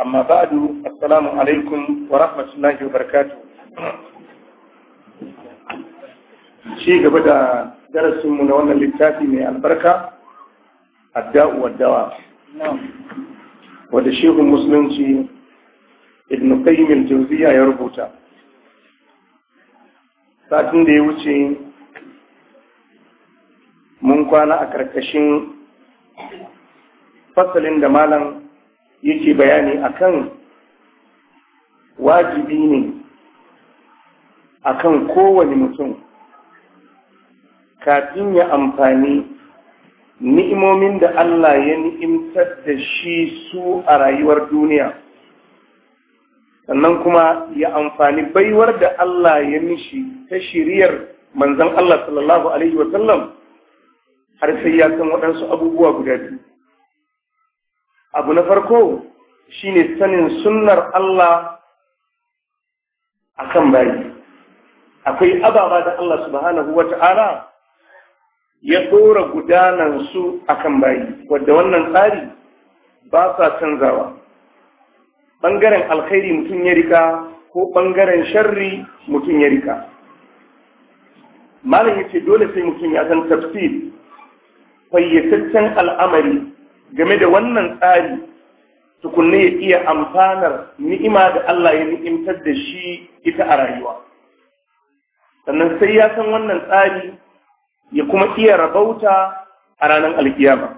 amma ba'adu assalamu alaikum wa rahmatullahi wa barakatu ci gaba da darasinmu na wannan littafi mai albarka adda'u dawa. wadda shehun musulunci ibn qayyim al-jawziya ya rubuta satin da ya wuce mun kwana a ƙarƙashin fasalin da malam yake bayani akan wajibi ne akan kowane mutum kafin ya amfani ni'imomin da Allah ya ni'imtar da shi su a rayuwar duniya sannan kuma ya amfani baiwar da Allah ya mishi ta shiriyar manzon Allah sallallahu alaihi har sai ya san waɗansu abubuwa guda biyu abu na farko shine sanin sunnar Allah akan bayi akwai ababa da Allah subhanahu wata'ala ya ɗora gudanansu akan bayi wadda wannan tsari ba sa canzawa ɓangaren alkhairi mutum ya rika ko ɓangaren sharri mutum ya rika malam ya ce dole sai mutum ya san tafsir fayyataccen al'amari game da wannan tsari tukunne ya iya amfanar ni'ima da Allah ya ni'imtar da shi ita a rayuwa sannan sai ya san wannan tsari ya kuma iya rabauta a ranar alkiyama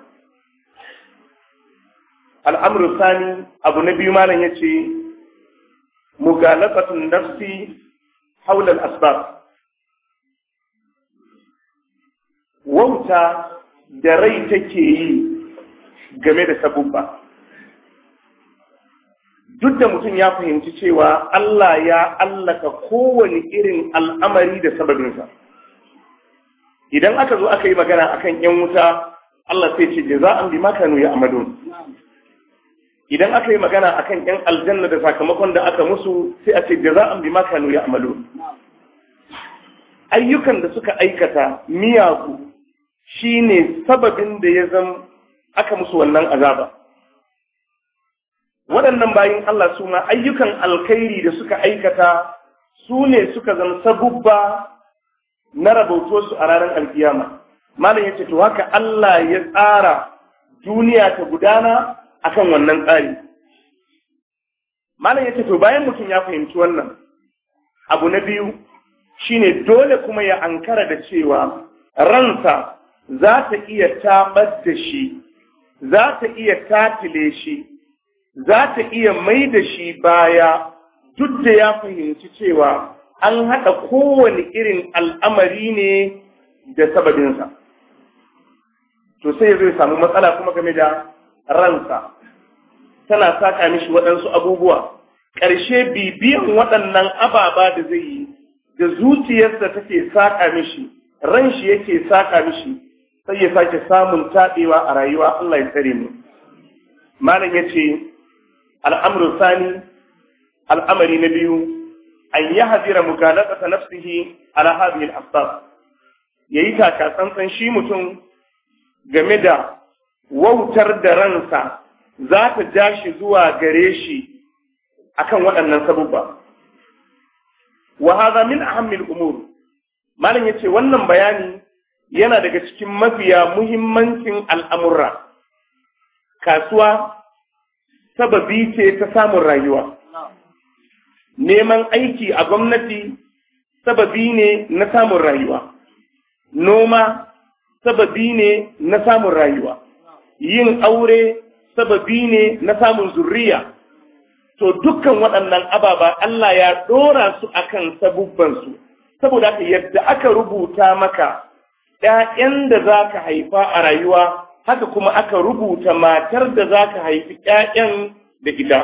al'amru sani abu na biyu malam ya ce mugalaqatun nafsi haulal asbab wauta da rai take yi game da ba. duk da mutum ya fahimci cewa Allah ya allaka kowane irin al'amari da sababinsa idan aka zo aka yi magana akan ‘yan wuta Allah sai ce za an bi makanu ya amadun idan aka yi magana akan ‘yan aljanna da sakamakon da aka musu sai a ce za an bi makanu ya amadun ayyukan da suka aikata shi shine sababin da ya zama aka musu wannan azaba waɗannan bayan Allah su ma ayyukan alkhairi da suka aikata su ne suka zama sabubba na rabauto su a ranar alkiyama malam ce to haka Allah ya tsara duniya ta gudana akan wannan tsari malam ce to bayan mutum ya fahimci wannan abu na biyu shi ne dole kuma ya ankara da cewa ransa za ta iya tabar da shi za ta iya tatile shi za ta iya mai da shi baya duk da ya fahimci cewa an haɗa kowane irin al'amari ne da sababinsa to sai zai samu matsala kuma game da ransa tana saka mishi waɗansu abubuwa ƙarshe bibiyan waɗannan ababa da zai yi da zuciyarsa take saka mishi ran shi yake saka mishi sai ya sake samun taɗewa a rayuwa Allah ya tsare mu malam ya ce al'amru sani al'amari na biyu an yi hazira mukalata nafsihi ala hadhihi al-asbab yayi taka tsantsan shi mutum game da wautar da ransa za ta ja shi zuwa gare shi akan waɗannan sabubba wa hadha min ahammi al-umur malam yace wannan bayani yana daga cikin mafiya muhimmancin al'amurra. Kasuwa sababi ce ta samun rayuwa. Neman aiki a gwamnati sababi ne na samun rayuwa. Noma sababi ne na samun rayuwa. Yin aure sababi ne na samun zurriya. To dukkan waɗannan ababa Allah ya ɗora su akan sabubbansu, saboda yadda aka rubuta maka ‘ya'yan da za ka haifa a rayuwa haka kuma aka rubuta matar da za ka haifi ‘ya'yan da ita.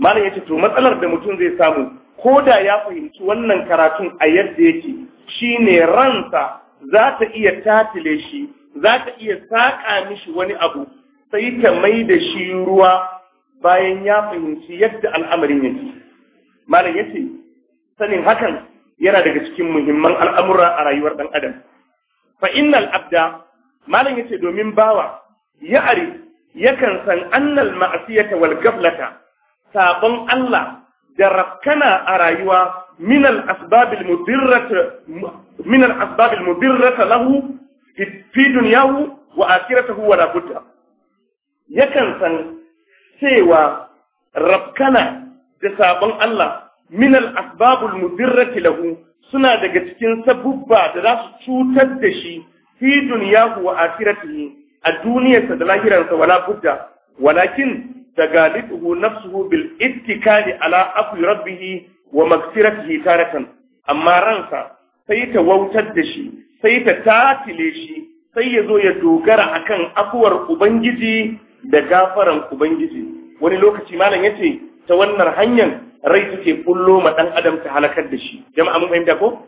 Malam ya ce, to matsalar da mutum zai samu, ko da ya fahimci wannan karatun a yadda yake, shi ne ransa za ta iya tatile shi, za ta iya saƙa mishi wani abu, sai ta mai da shi ruwa bayan ya fahimci yadda al'amarin yake. Malam ya ce, sanin hakan yana daga cikin muhimman al'amura a rayuwar ɗan adam. fa innal abda malam yace domin bawa ya ari yakan san annal ma'siyata wal gaflata sabon Allah da rafkana a rayuwa min al asbabil mudirrata min asbabil mudirrata lahu fi dunyahu wa akhiratahu wa budda yakan san cewa rafkana da sabon Allah min al-asbab lahu suna daga cikin sabubba da za su cutar da shi fi dunyahu wa akhiratihi a duniyarsa da lahiransa wala budda walakin tagaliduhu nafsuhu bil ittikali ala afi rabbih wa maghfiratihi taratan amma ransa sai ta wautar da shi sai ta tatile shi sai ya zo ya dogara akan afuwar ubangiji da gafaran ubangiji wani lokaci malam yace ta wannan hanyar rai suke kullo ma ɗan adam ta halakar da shi jama'a mun fahimta ko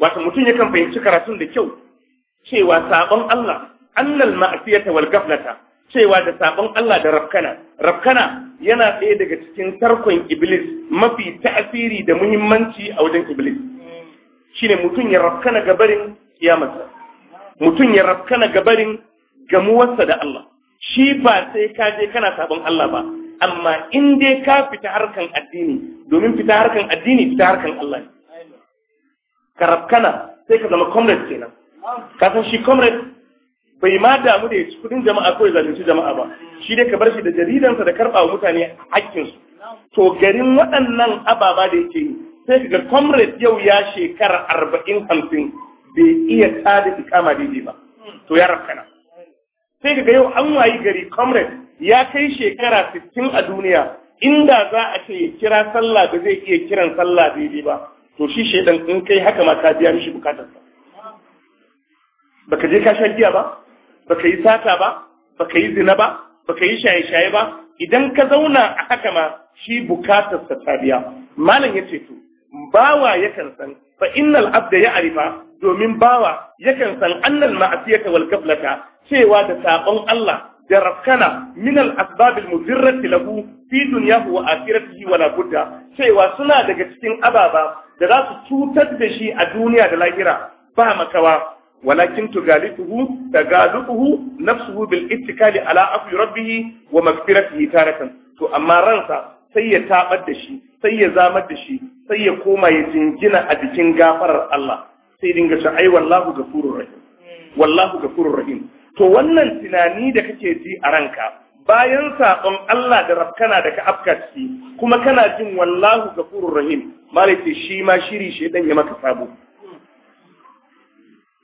wato mutum yakan fahimci karatun da kyau cewa sabon Allah annal ma'siyata wal gaflata cewa da sabon Allah da rafkana. Rafkana yana ɗaya daga cikin tarkon Iblis mafi ta'asiri da muhimmanci a wajen Iblis. Shine mutum ya rafkana gabarin kiyamarsa. Mutum ya rafkana gabarin gamuwarsa da Allah. Shi ba sai kaje kana sabon Allah ba, amma in dai ka fita harkan addini domin fita harkan addini fita harkan Allah ne ka rafkana sai ka zama comrade kenan ka san shi comrade bai ma damu da ya kudin jama'a ko ya zalunci jama'a ba shi dai ka bar shi da jaridansa da karɓa mutane hakkinsu to garin waɗannan ababa da yake yi sai ka ga comrade yau ya shekara arba'in hamsin bai iya tada ikama daidai ba to ya rafkana sai daga yau an wayi gari comrade ya kai shekara 60 a duniya inda za a ce ya kira sallah ba zai iya kiran sallah daidai ba to shi shaidan in kai haka ma ka biya mishi bukatarsa baka je ka sha giya ba baka yi sata ba baka yi zina ba baka yi shaye-shaye ba idan ka zauna a haka ma shi bukatarsa ta biya malam ya ce to bawa yakan san fa innal abda ya arifa domin bawa yakan san annal ma'asiyata wal kaflata cewa da sabon Allah da rafkana min al asbab al mudirrati lahu fi dunyahu wa akhiratihi wala budda cewa suna daga cikin ababa da za su cutar da shi a duniya da lahira ba makawa ولكن تغالطه تغالطه نفسه ala على عفو ربه ومغفرته تارة to amma ransa sai ya tabar da shi sai ya zamar da shi sai ya koma ya jingina a jikin gafarar Allah sai dinga ce ai wallahu gafurur rahim wallahu gafurur rahim to wannan tunani da kake ji a ranka bayan sakon Allah da rabkana da ka afka ciki kuma kana jin wallahu gafurur rahim malaka shi ma shiri dan ya maka sabo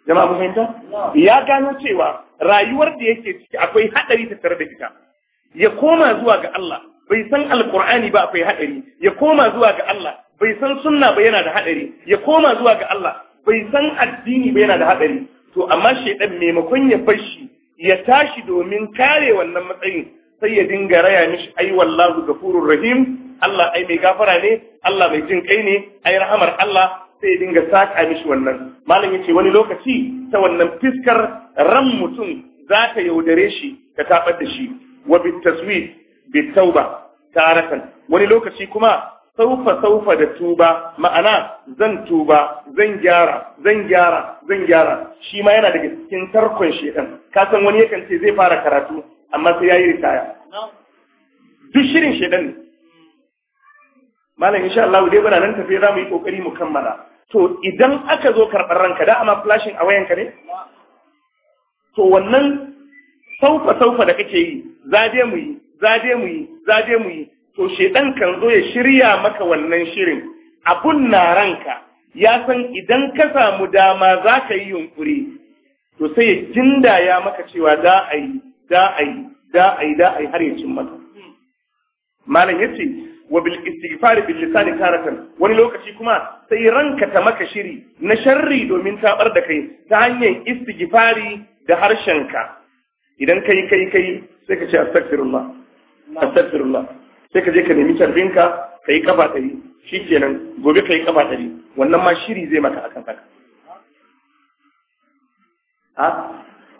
jama'a mun fahimta ya gano cewa rayuwar da yake ciki akwai hadari ta tare da ita ya koma zuwa ga Allah bai san alqur'ani ba akwai hadari ya koma zuwa ga Allah bai san sunna ba yana da hadari ya koma zuwa ga Allah bai san addini ba yana da haɗari to amma shaidan maimakon ya fashi ya tashi domin kare wannan matsayin sai ya dinga raya mishi ai wallahu gafurur rahim Allah ai mai gafara ne Allah mai jin kai ne ai rahamar Allah sai ya dinga saka mishi wannan malam yace wani lokaci ta wannan fiskar ran mutum za ta yaudare shi ta tabar da shi wa bit taswid bit tauba wani lokaci kuma saufa saufa da tuba ma'ana zan tuba zan gyara zan gyara zan gyara shi ma yana daga cikin tarkon shedan ka san wani yakan ce zai fara karatu amma sai yayi ritaya duk shirin shedan ne malam insha Allah dai bana nan tafi zamu yi kokari mu kammala to idan aka zo karɓar ranka da ama flashing a wayanka ne to wannan saufa saufa da kake yi za mu yi za mu yi za mu yi to shedan kan zo ya shirya maka wannan shirin abun na ranka ya san idan ka samu dama za ka yi yunkuri to sai ya jindaya maka cewa za a yi za a yi za a yi za a yi har ya cin maka malam ya ce wa bil istighfar bil lisan taratan wani lokaci kuma sai ranka ta maka shiri na sharri domin tabar da kai ta hanyar istighfari da harshenka idan kai kai kai sai ka ce astaghfirullah astaghfirullah sai ka je ka nemi carbinka ka yi kafa ɗari shi kenan gobe ka yi kafa ɗari wannan ma shiri zai maka akan haka a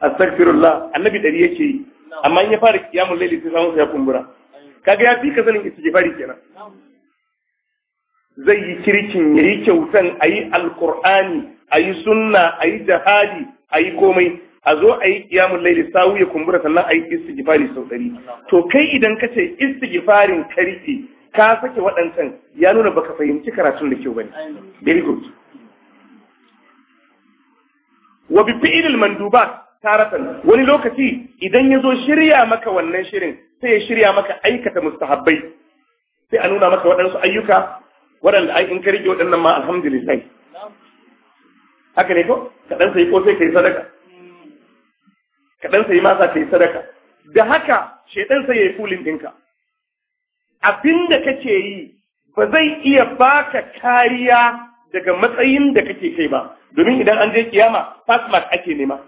astagfirullah annabi ɗari yake yi amma in ya fara kiyamun laili sai samun ya kumbura kaga ya fi ka sanin istighfari kenan zai yi kirkin ya yi kyautan a yi alkur'ani a yi sunna a yi jihadi a yi komai a zo a yi kiyamun laili sawu ya kumbura sannan a yi istigifari sau ɗari to kai idan ka ce istigifarin karfe ka sake waɗancan ya nuna baka fahimci karatun da kyau ba ne. very good wa bi fi'il manduba taratan wani lokaci idan ya zo shirya maka wannan shirin sai ya shirya maka aikata mustahabbai sai a nuna maka waɗansu ayyuka waɗanda ai in ka rike waɗannan ma alhamdulillah haka ne ko ka ɗan sai ko sai yi sadaka ka ɗan sayi masa ta yi sadaka da haka shedan sai yi fulin abin abinda kake yi ba zai iya baka kariya daga matsayin da kake kai ba domin idan an je kiyama fast ake nema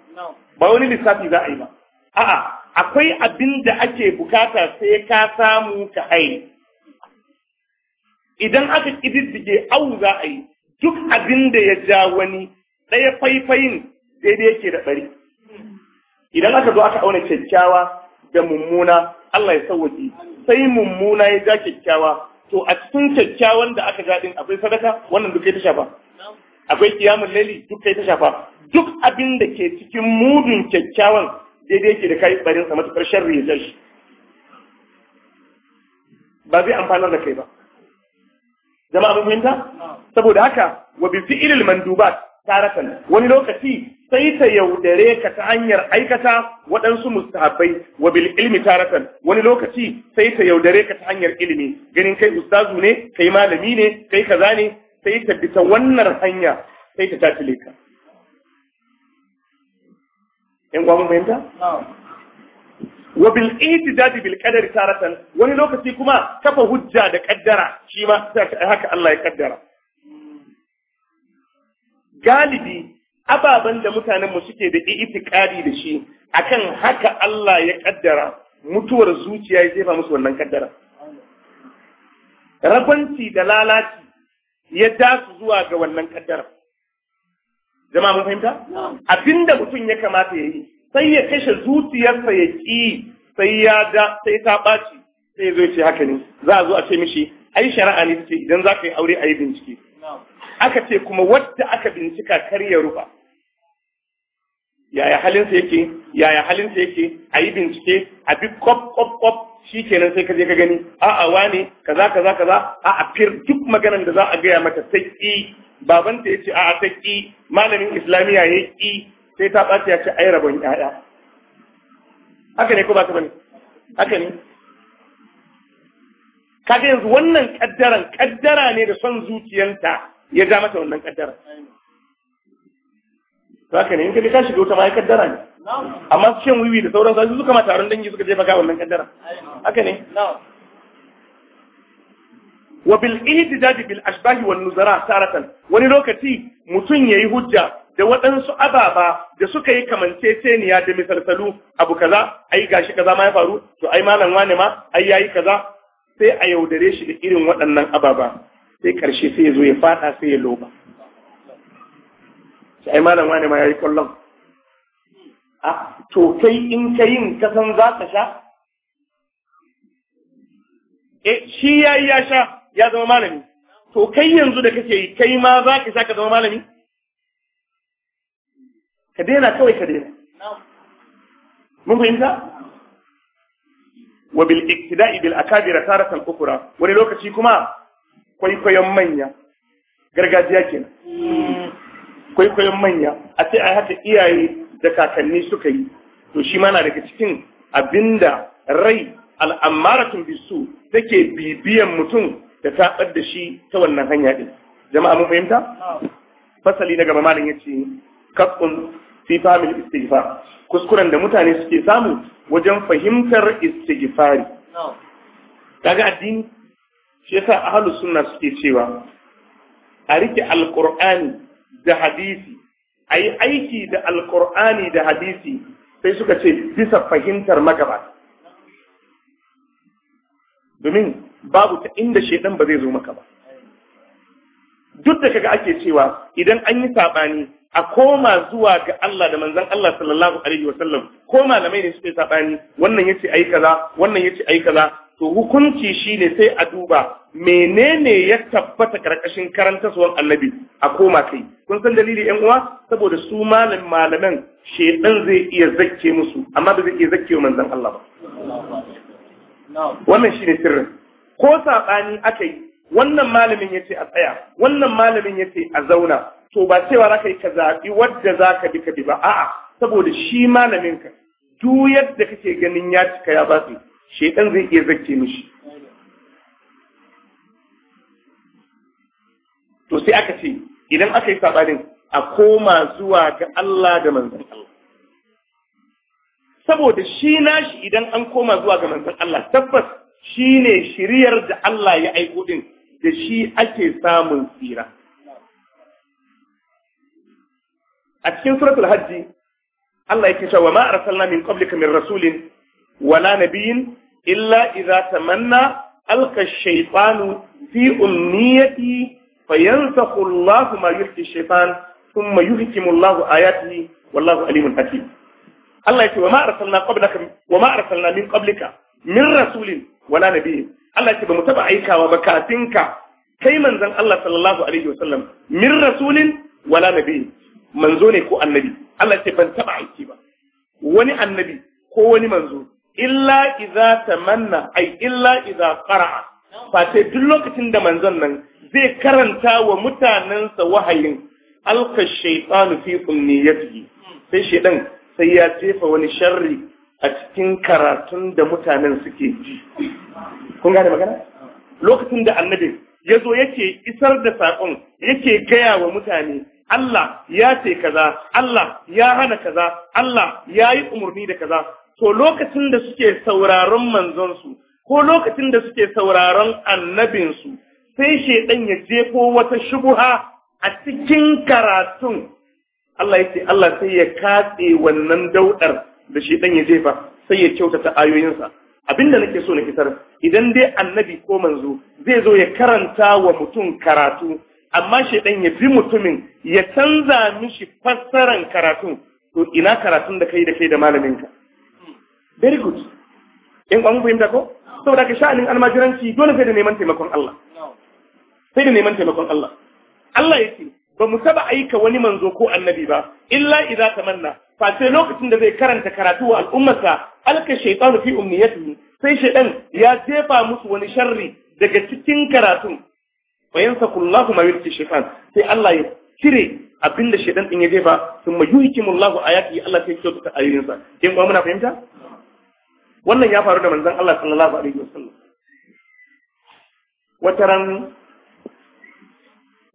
ba wani lissafi za a yi ba a'a akwai abin da ake bukata sai ka samu ka haini idan aka ƙididdige au za a yi duk abin da ya ja wani ɗaya faifayin daidai yake da ɓari idan aka zo aka auna kyakkyawa da mummuna Allah ya sauwaje sai mummuna ya ja kyakkyawa to a cikin kyakkyawan da aka ja din akwai sadaka wannan duk ta shafa akwai kiyamul laili duk ta shafa duk abin da ke cikin mudun kyakkyawan daidai yake da kai barin sa matukar sharri ya shi ba zai amfanar da kai ba jama'a mun saboda haka wa bi duba mandubat taratan wani lokaci sai ta yaudare ka ta hanyar aikata waɗansu mustahabbai wa bil ilmi taratan wani lokaci sai ta yaudare ka ta hanyar ilimi ganin kai ustazu ne kai malami ne kai kaza ne sai ta ta wannan hanya sai ta tafi ka in mun fahimta wa bil ijtihad bil qadari taratan wani lokaci kuma kafa hujja da kaddara shi ma haka Allah ya kaddara galibi ababen da mutanenmu suke da itikadi da shi akan haka Allah ya kaddara mutuwar zuciya ya jefa musu wannan kaddara rabanci da lalaci ya dasu zuwa ga wannan kaddara jama'a mun fahimta abinda mutum ya kamata ya yi sai ya kashe zuciyarsa ya ƙi, sai ya da sai ta ɓaci sai ya zo ya ce haka ne za a zo a ce mishi ai shari'a ne ce idan za ka yi aure a yi bincike aka ce kuma wadda aka bincika kar ya rufa yaya halinsa yake yaya halinsa yake a yi bincike a bi kwab-kwab-kwab, shi kenan sai ka je ka gani a'a wane kaza kaza kaza a'a fir duk maganar da za a gaya mata sai ki babanta ya ce a'a sai ki malamin islamiya ya ki sai ta ɓace ya ce ai rabon ƴaƴa haka ne ko ba ka bane haka ne kaga yanzu wannan kaddara kaddara ne da son zuciyanta ya ja mata wannan kaddara to haka ne in ka ka shiga wuta ma ya kaddara ne amma su shan wiwi da sauran su suka ma taron dangi suka jefa ka wannan kaddara haka ne wa bil Jaji bil ashbahi wa nuzara taratan wani lokaci ya yayi hujja da waɗansu ababa da suka yi kamanceceniya da misalsalu abu kaza ai gashi kaza ma ya faru to ai malam wane ma ai yayi kaza sai a yaudare shi da irin waɗannan ababa sai karshe sai ya zo ya fada sai ya loba sai malam wani ma yayi kullum a to kai in ka yin ka san za ka sha eh shi yayi ya sha ya zama malami to kai yanzu da kake yi kai ma za ka sha ka zama malami ka daina kawai ka daina mun fahimta wa bil iktida'i bil akabira taratan ukura wani lokaci kuma kwaikwayon manya gargajiya kenan kwaikwayon manya a sai a haka iyaye da kakanni suka yi to shi ma na daga cikin abinda rai al'amaratun bisu take bibiyan mutum da ta da shi ta wannan hanya ɗin jama'a mun fahimta fasali na gaba malam yace kaqqun fi famil istighfar kuskuren da mutane suke samu wajen fahimtar istighfari kaga addini shi yasa ahlu sunna suke cewa a rike alqur'ani da hadisi ayi aiki da alqur'ani da hadisi sai suka ce bisa fahimtar magaba domin babu ta inda shedan ba zai zo maka ba duk da kaga ake cewa idan an yi sabani a koma zuwa ga Allah da manzon Allah sallallahu alaihi wasallam ko malamai ne suke sabani wannan yace ayi kaza wannan yace ayi kaza to hukunci shi ne sai a duba menene ya tabbata karkashin karantaswan annabi a koma kai kun san dalili yan uwa saboda su malam malaman shedan zai iya zakke musu amma ba zai iya zakke wa manzon Allah ba wannan shi ne sirrin ko sabani akai wannan malamin yace a tsaya wannan malamin yace a zauna to ba cewa zaka yi ka zaɓi wadda zaka bi ka bi ba a'a saboda shi malamin ka duk yadda kake ganin ya cika ya ba su shedan zai iya zakke mishi to sai aka ce idan aka yi sabanin a koma zuwa ga Allah da manzon Allah saboda shi nashi idan an koma zuwa ga manzon Allah tabbas shi ne shiriyar da Allah ya aiko din da shi ake samun tsira a cikin suratul hajji Allah yake cewa ma arsalna min qablika min rasulin wala nabiyin illa idza tamanna alqa ash-shaytanu fi umniyati fayansakhu Allahu ma yuhyi ash-shaytan thumma yuhkimu Allahu ayatihi wallahu alimun hakim Allah yake wa ma arsalna qablaka wa ma arsalna min qablika min rasulin wala nabiyyin Allah yake bamu taba aikawa ba kafinka kai manzon Allah sallallahu alaihi wasallam min rasulin wala nabiyyin manzo ne ko annabi Allah yake ban aiki ba wani annabi ko wani manzo illa idza tamanna ai illa idza qara'a fa sai duk lokacin da manzon nan zai karanta wa mutanensa wahayin alka shaytan fi kunniyatihi sai shedan sai ya jefa wani sharri a cikin karatun da mutanen suke ji kun gane magana lokacin da annabi ya zo yake isar da saƙon yake gaya wa mutane Allah ya ce kaza Allah ya hana kaza Allah ya yi umarni da kaza to lokacin da suke sauraron manzonsu ko lokacin da suke sauraron annabinsu sai shaidan ya jefo wata shubuha a cikin karatun Allah ya ce Allah sai ya katse wannan daudar da shaidan ya jefa sai ya kyautata ayoyinsa abinda nake so na kitar idan dai annabi ko manzo zai zo ya karanta wa mutum karatu amma shaidan ya bi mutumin ya canza mishi fassaran karatun to ina karatun da kai da kai da malaminka very good in an fahimta ko saboda ka sha'anin almajiranci dole sai da neman taimakon Allah sai da neman taimakon Allah Allah ya ce ba mu taba aika wani manzo ko annabi ba illa idza tamanna fa sai lokacin da zai karanta karatu wa al'ummarsa alka shaytanu fi umniyatihi sai shaytan ya jefa musu wani sharri daga cikin karatun wa yansakullahu ma yulqi shaytan sai Allah ya cire abinda shaytan din ya jefa thumma yuhikimullahu ayati Allah sai ya kyautata ayoyinsa kin ba muna fahimta wannan ya faru da manzon Allah sallallahu alaihi wasallam wata ran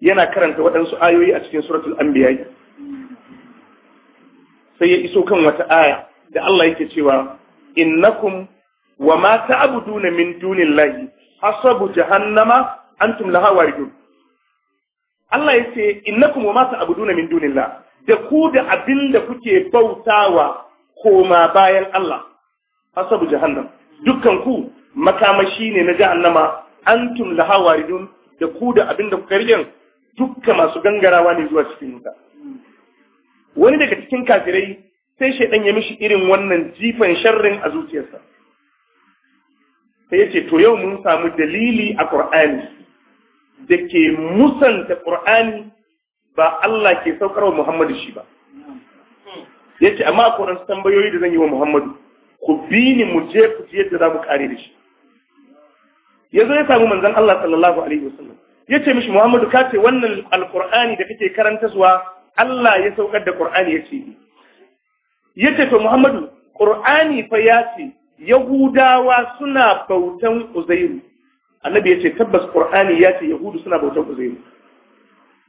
yana karanta waɗansu ayoyi a cikin suratul anbiya sai ya iso kan wata aya da Allah yake cewa innakum wa ma ta'buduna min dunillahi hasabu jahannama antum laha waridun Allah ya ce innakum wa ma ta'buduna min lahi. da ku da abin da kuke bautawa koma bayan Allah hasabu jahannam dukkan ku makamashi ne na jahannama antum laha waridun da ku da abinda ku karyan dukka masu gangarawa ne zuwa cikin wuta wani daga cikin kafirai sai shaidan ya mishi irin wannan jifan sharrin a zuciyarsa sai yace to yau mun samu dalili a Qur'ani da ke musanta Qur'ani ba Allah ke saukarwa Muhammadu shi ba yace amma akwai tambayoyi da zan yi wa Muhammadu ku bi ni mu je ku je yadda za mu kare da shi ya ya samu manzon Allah sallallahu alaihi wasallam ya ce mishi Muhammadu ka ce wannan alqur'ani da kake karanta zuwa Allah ya saukar da qur'ani ya ce ya ce to Muhammadu qur'ani fa ya ce Yahudawa suna bautan Uzairu annabi ya ce tabbas qur'ani ya ce yahudu suna bautan uzairu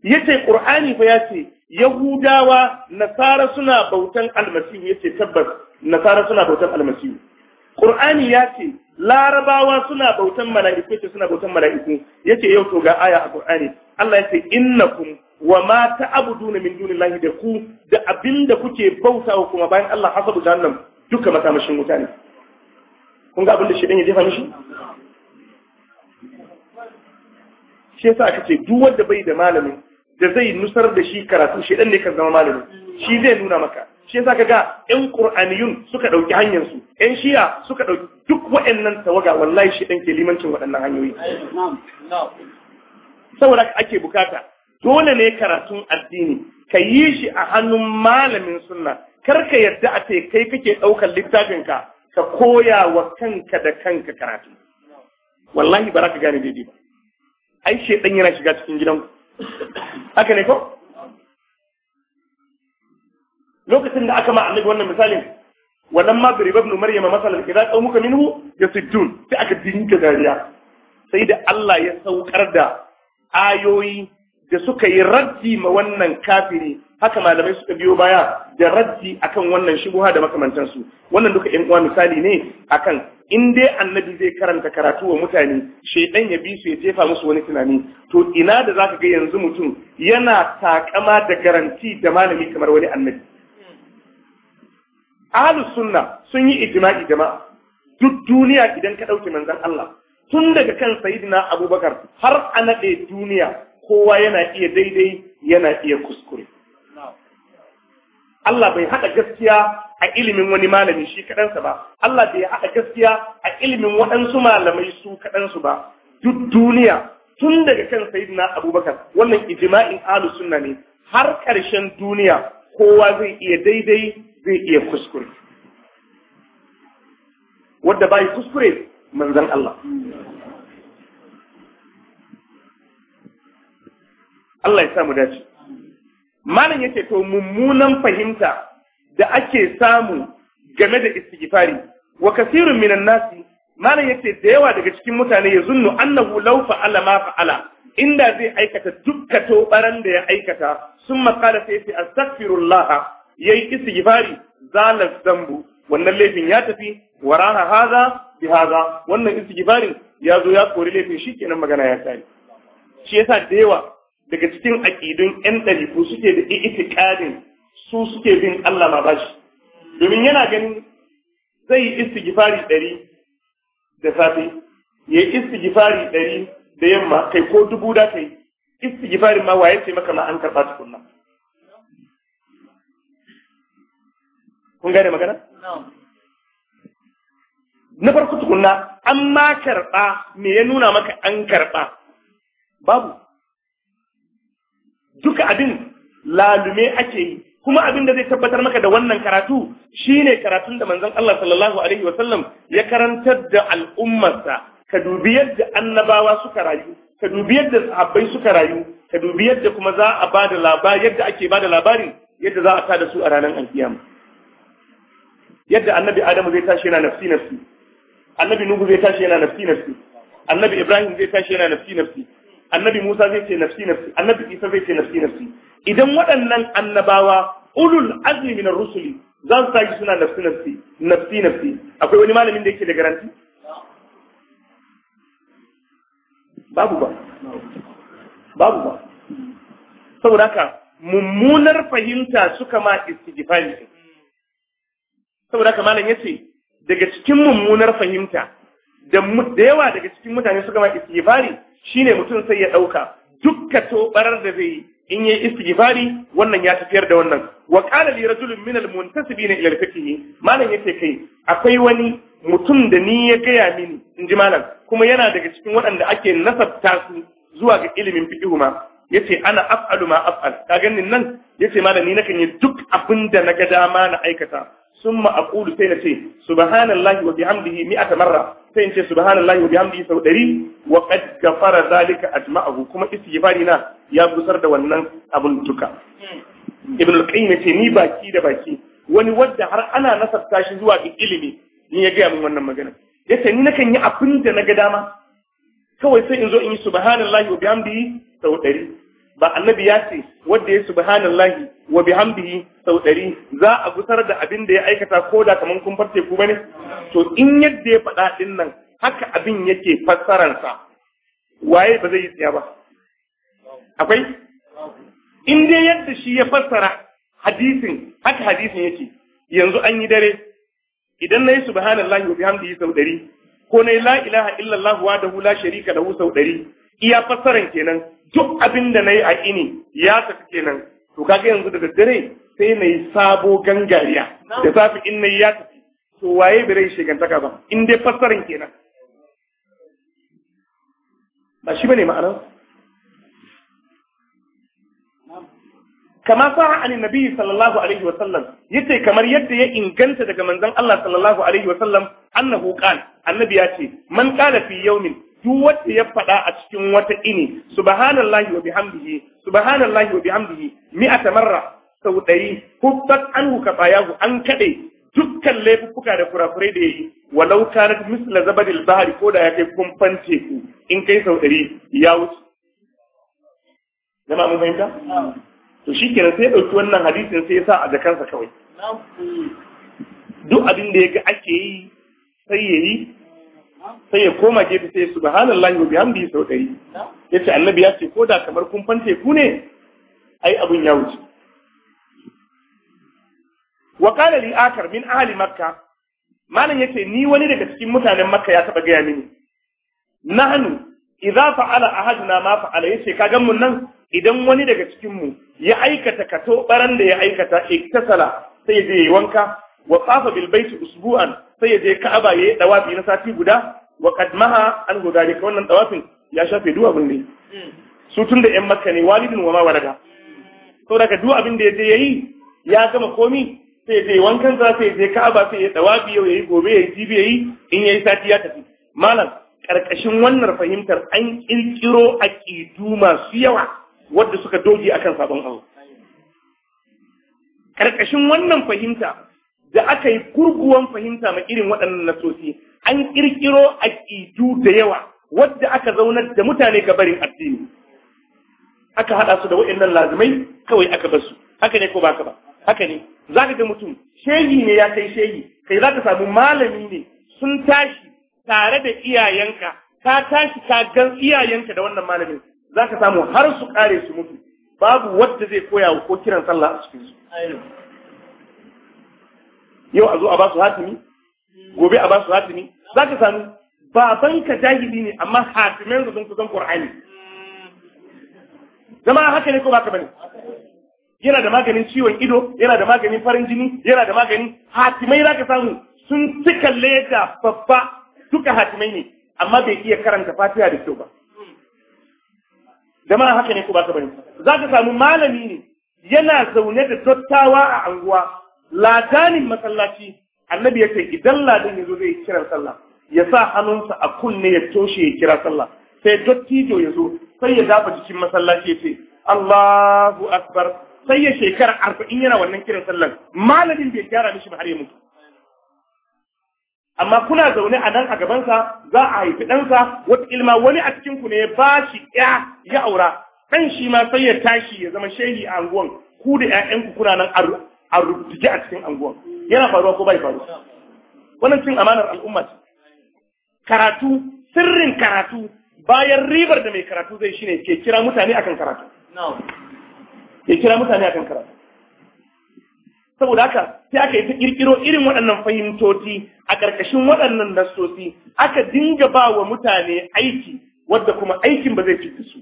ya ce qur'ani fa ya ce yahudawa nasara suna bautan almasihu ya ce tabbas nasara suna bautan almasihu qur'ani ya ce larabawa suna bautan mala'iku ce suna bautan mala'iku yace yau to ga aya a qur'ani Allah ya ce innakum wa ma ta'buduna min dunillahi da ku da abinda kuke bautawa kuma bayan Allah hasabu jahannam duka matamashin wuta ne kun ga abinda shedan ya jefa mishi shi yasa aka ce duk wanda bai da malamin da zai nusar da shi karatu shedan ne kan zama malamin shi zai nuna maka shi yasa kaga ƴan qur'aniyun suka ɗauki hanyarsu, su ƴan shi'a suka ɗauki duk waɗannan tawaga wallahi shi dan ke limancin waɗannan hanyoyi saboda ake bukata dole ne karatun addini ka yi shi a hannun malamin sunna kar ka yadda a ce kai kake ɗaukar littafin ka ka koya wa kanka da kanka karatu wallahi ba za ka gane daidai ba ai ɗan yana shiga cikin gidanku haka ne ko lokacin da aka ma annabi wannan misalin wannan ma bi babnu maryama masalan idan muka minhu yasiddun sai aka dinka dariya sai da Allah ya saukar da ayoyi da suka yi raddi ma wannan kafiri haka malamai suka biyo baya da raddi akan wannan shubuha da makamantansu wannan duka ƴan uwa misali ne akan in dai annabi zai karanta karatu wa mutane shaidan ya bi su ya jefa musu wani tunani to ina da zaka ga yanzu mutum yana takama da garanti da malami kamar wani annabi ahlus sunna sun yi ijma'i jama'a duk duniya idan ka ɗauki manzon Allah tun daga kan sayyidina Abubakar har anade duniya kowa yana iya daidai yana iya kuskure Allah bai haɗa gaskiya a ilimin wani malami shi kaɗansa ba Allah bai haɗa gaskiya a ilimin waɗansu malamai su kaɗansu ba duk duniya tun daga kan sayyidina abubakar wannan ijima'in ahlus sunna ne har ƙarshen duniya kowa zai iya daidai zai iya kuskure wadda bai kuskure manzan Allah Allah ya samu dace malam yake to mummunan fahimta da ake samu game da istighfari wa kasirun minan nasi malam ce da yawa daga cikin mutane ya zunnu annahu law fa'ala ma fa'ala inda zai aikata dukka tobaran da ya aikata sun qala sai a astaghfirullah yayi istighfari zalat zambu wannan laifin ya tafi waraha haza bi haza wannan istighfarin ya zo ya kori laifin shikenan magana ya tsari shi yasa da yawa daga cikin aqidun yan ko suke da i'tiqadin su suke bin Allah ma bashi domin yana ganin zai yi istighfari ɗari da safe ya istighfari ɗari da yamma kai ko dubu da kai istighfarin ma waye ce maka ma an karɓa tukunna kun gane magana na farko tukuna an ma karɓa me ya nuna maka an karɓa babu duka abin lalume ake yi kuma abin da zai tabbatar maka da wannan karatu shi ne karatun da manzon Allah sallallahu alaihi wa ya karantar da al'ummarsa ka dubi yadda annabawa suka rayu ka dubi yadda sahabbai suka rayu ka dubi yadda kuma za a bada labari yadda ake bada labarin yadda za a da su a ranar alkiyama yadda annabi adamu zai tashi yana nafsi nafsi annabi nuhu zai tashi yana nafsi nafsi annabi ibrahim zai tashi yana nafsi nafsi annabi musa zai ce nafsi nafsi annabi isa zai ce nafsi nafsi idan waɗannan annabawa ulul azmi minar rusuli za su tashi suna nafsi nafsi nafsi nafsi akwai wani malamin da yake da garanti babu ba babu ba saboda haka mummunar fahimta suka ma istighfari saboda haka malam yace daga cikin mummunar fahimta da yawa daga cikin mutane suka ma istighfari shine mutum sai ya dauka dukka to barar da zai in yi istighfari wannan ya tafiyar da wannan wa qala li rajulin min al-muntasibina ila al-fiqh malam yace kai akwai wani mutum da ni ya gaya mini in ji malam kuma yana daga cikin waɗanda ake nasabta su zuwa ga ilimin fiqh yace ana af'alu ma af'al ka ganin nan yace malam ni nakan yi duk abin da naga dama na aikata summa aqulu sai na ce subhanallahi wa bihamdihi mi'ata marra sai in ce subhanallahi wa bihamdihi sau ɗari wa qad kafara zalika ajma'ahu kuma istighfari na ya gusar da wannan abun duka ibn al-qayyim ce ni baki da baki wani wadda har ana nasarta shi zuwa ga ilimi ni ya gaya min wannan magana yace ni nakan yi abin da na ga dama kawai sai in zo in yi subhanallahi wa bihamdihi sau ɗari ba annabi ya ce wanda ya subhanallahi wa bihamdihi sau ɗari za a gusar da abin da ya aikata ko da kaman kun farce ku bane to in yadda ya faɗa din nan haka abin yake sa, waye ba zai yi tsaya ba akwai in dai yadda shi ya fassara hadisin haka hadisin yake yanzu an yi dare idan na yi subhanallahi wa bihamdihi sau ɗari ko na yi la ilaha illallah wa da la sharika lahu sau ɗari iya fassaran kenan duk abin da na yi a ini ya tafi kenan to kaga yanzu daga dare sai na yi sabo gangariya da safi in na ya tafi to waye bai rai shigantaka ba in dai fassaran kenan ba shi bane ma'anar kama sa an nabi sallallahu alaihi wa sallam yace kamar yadda ya inganta daga manzon Allah sallallahu alaihi wa sallam annahu qala annabi ya ce man qala fi yawmin duk wanda ya faɗa a cikin wata ini subhanallahi wa bihamdihi subhanallahi wa bihamdihi mi'ata marra sau ɗari hubbat anhu bayahu an kaɗe dukkan laifuffuka da kurakurai da yayi walau kanat misla zabadil bahari ko da ya kai kumfan teku in kai sau ɗari ya wuce jama'a mun fahimta to shikenan sai ya ɗauki wannan hadisin sai ya sa a jakansa kawai duk abin da ya ga ake yi sai ya yi sai ya koma gefe sai subhanallahi wa hamdi sau ɗari Ya ce annabi ya ce ko da kamar kun fante ku ne ai abun ya wuce wa qala li akar min ahli makka malam yace ni wani daga cikin mutanen makka ya taɓa gaya mini nahnu idza fa'ala ahaduna ma fa'ala yace ka gan mu nan idan wani daga cikin mu ya aikata kato baran da ya aikata iktasala sai ya je wanka wa tsafa bil usbu'an sai ya je Ka'aba yi dawafi na sati guda wa kadmaha maha an gudare ka wannan dawafin ya shafe duwa bin ne su tun da yan makka ne walidin wa ma warada to daga duk abin da ya je yayi ya gama komi sai ya je wankan za sai ya je Ka'aba sai ya dawafi yau yayi gobe yayi jibi yayi in yayi sati ya tafi malam karkashin wannan fahimtar an kirkiro aqidu masu yawa wadda suka doge akan sabon abu karkashin wannan fahimta da aka yi kurguwan fahimta ma irin waɗannan nasosi an ƙirƙiro aƙidu da yawa wadda aka zaunar da mutane ga barin addini aka haɗa su da waɗannan lazimai kawai aka bar su haka ne ko ba ka ba haka ne za ka ga mutum shehi ne ya kai shehi kai za ka samu malami ne sun tashi tare da iyayenka ka tashi ka gan iyayenka da wannan malamin za ka samu har su ƙare su mutu babu wadda zai koya ko kiran sallah a cikin su yau a zo a ba su hatimi gobe a ba su hatimi za ka samu baban ka jahili ne amma hatimin su sun kusan qur'ani zama haka ne ko baka bane yana da maganin ciwon ido yana da maganin farin jini yana da maganin hatimai za ka sami sun cika leda babba duka hatimai ne amma bai iya karanta fatiha da kyau ba jama'a haka ne ko baka bane za ka sami malami ne yana zaune da dottawa a anguwa ladanin masallaci annabi ya ce idan ladan ya zo zai kira sallah ya sa hannunsa a kunne ya toshe ya kira sallah sai dottijo ya zo sai ya dafa cikin masallaci ya ce Allahu akbar sai ya shekara arba'in yana wannan kiran sallan malamin bai gyara mishi ba har ya mutu amma kuna zaune a nan a gabansa za a haifi ɗansa wata ilma wani a cikin ku ne ba shi ya ya aura ɗan shi ma sai ya tashi ya zama shehi a anguwan ku da 'ya'yanku kuna nan a rubuce a cikin anguwan yana faruwa ko bai faruwa wannan cin amanar al'umma ce karatu sirrin karatu bayan ribar da mai karatu zai shine ke kira mutane akan karatu ke kira mutane akan karatu saboda haka sai aka yi ta kirkiro irin waɗannan fahimtoci a ƙarƙashin waɗannan nassosi aka dinga ba wa mutane aiki wadda kuma aikin ba zai fita su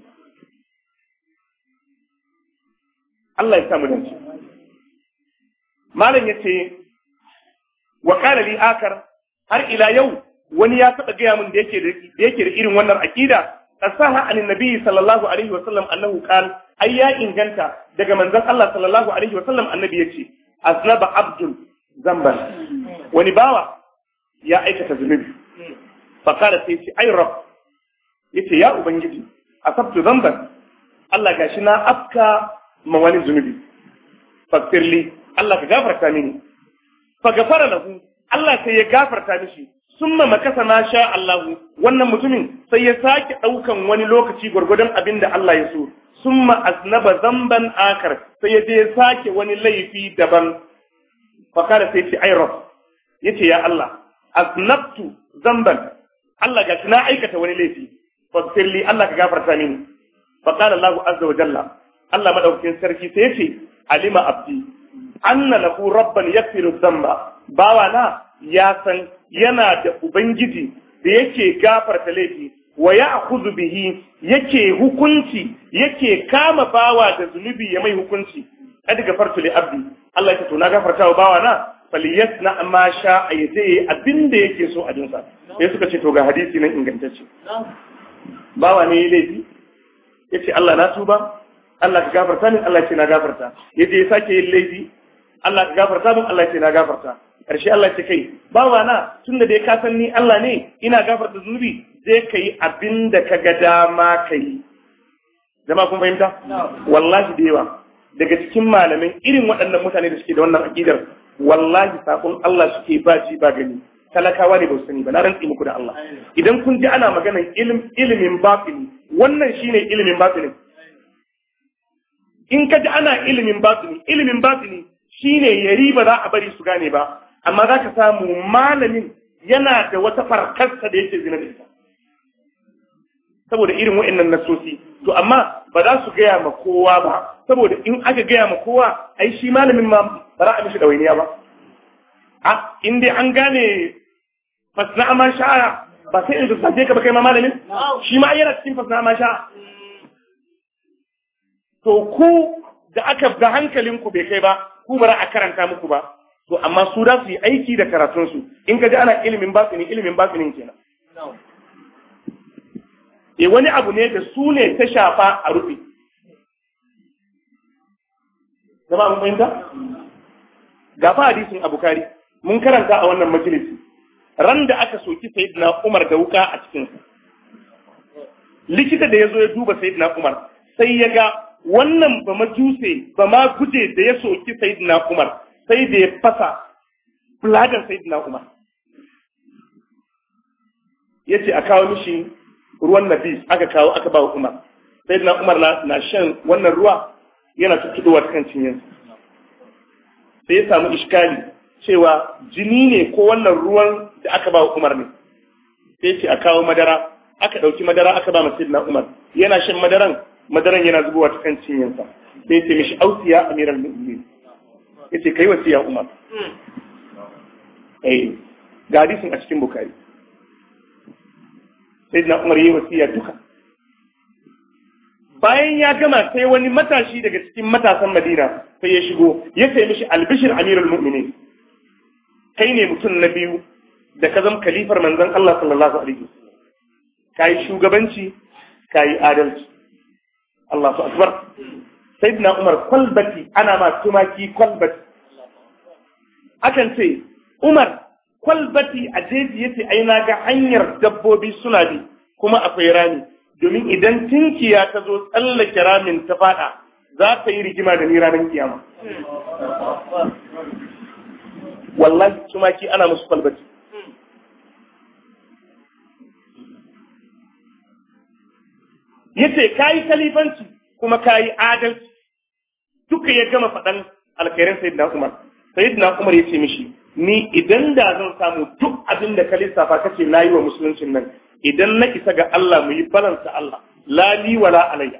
Allah ya samu dace. malam yace wa qala li akar har ila yau wani ya taba gaya min da yake da yake da irin wannan aqida asaha anin nabi sallallahu alaihi wa sallam annahu qal ai ya inganta daga manzon Allah sallallahu alaihi wa sallam annabi yace aznaba abdun zamban wani bawa ya aikata zunubi fa kala sai ce ay rabb yace ya ubangiji asabtu zamban Allah gashi na afka ma wani zunubi fakirli Allah ka gafarta mini fa gafara lahu Allah sai ya gafarta mishi summa makasa na sha Allahu. wannan mutumin sai ya sake ɗaukan wani lokaci gwargwadon abin da Allah ya so summa aznaba zamban akar sai ya je ya sake wani laifi daban fa kada sai ce ai ya ce ya Allah aznabtu zamban Allah ga na aikata wani laifi fasir li Allah ka gafarta mini fa qala Allah azza wa jalla Allah madaukakin sarki sai ce alima abdi anna lahu rabban yaghfiru dhanba bawa na ya san yana da ubangiji da yake gafarta laifi wa ya'khudhu bihi yake hukunci yake kama bawa da zunubi ya mai hukunci kad gafartu li abdi Allah ya to na gafarta wa bawa na falyasna ma sha ayyace abinda yake so a dinsa sai suka ce to ga hadisi nan ingantacce bawa ne laifi yace Allah na tuba Allah ka gafarta min Allah ce na gafarta Yadda ya sake yin laifi Allah ka gafarta min Allah ce na gafarta karshe Allah ce kai bawa na tunda da ka san ni Allah ne ina gafarta zunubi Zai kai abin da ka ga dama kai jama'a kun fahimta wallahi da yawa daga cikin malamin irin waɗannan mutane da suke da wannan akidar wallahi saƙon Allah suke ba ji ba gani talakawa ne ba su sani ba na rantsi muku da Allah idan kun ji ana maganar ilimin batini wannan shine ilimin batini in ka ji ana ilimin batini ilimin batini shine yari ba za a bari su gane ba amma za ka samu malamin yana da wata farkarsa da yake zina da saboda irin wa'annan nasosi to amma ba za su gaya ma kowa ba saboda in aka gaya ma kowa ai shi malamin ma ba za a mishi ɗawainiya ba a in dai an gane fasna ma sha'a ba sai in zuzzaje ka ba kai ma malamin shi ma yana cikin fasna ma sha'a to ku da aka da hankalinku bai kai ba ku bara a karanta muku ba to amma su da su yi aiki da karatunsu in ka ji ana ilimin ba su ne ilimin ba su ne kenan e wani abu ne da su ne ta shafa a rufe zama mun fahimta ga fa hadisin abukari mun karanta a wannan majalisi ran da aka soki sayyidina umar da wuka a cikin likita da ya zo ya duba sayyidina umar sai ya ga wannan ba ma juse ba ma guje da ya soki sayyidina Umar sai da ya fasa fuladar sayyidina Umar Ya ce a kawo mishi ruwan nabi aka kawo aka ba Umar sayyidina Umar na shan wannan ruwa yana tuttudowa kan cinyansa sai ya samu iskali cewa jini ne ko wannan ruwan da aka ba Umar ne sai ce a kawo madara aka ɗauki madara aka ba ma na Umar yana shan madaran madaran yana zubowa ta kan cinyansa sai ya ce mishi ausiya amiral mu'minin ce kai wasiya umar eh ga hadisin a cikin bukari sai na umar yi wasiya duka bayan ya gama sai wani matashi daga cikin matasan madina sai ya shigo ya sai mishi albishir amirul mu'minin kai ne mutum na biyu da ka zama kalifar manzon Allah sallallahu alaihi wasallam kai shugabanci kai adalci Allah su akbar sayyidina Umar kwalbati ana ma tumaki kwalbati akan ce Umar kwalbati a jeji ya ai na ga hanyar dabbobi suna bi kuma akwai rami domin idan tinkiya ta zo tsallake ramin ta fada za ta yi rigima da ni ranar kiyama wallahi tumaki ana musu kwalbati yace kayi kalifanci kuma kayi adalci duka ya gama faɗan alkhairin sayyidina Umar sayyidina Umar ce mishi ni idan da zan samu duk abin da ka lissafa kace na yi wa musuluncin nan idan na isa ga Allah mu yi balansa Allah la li wala alayya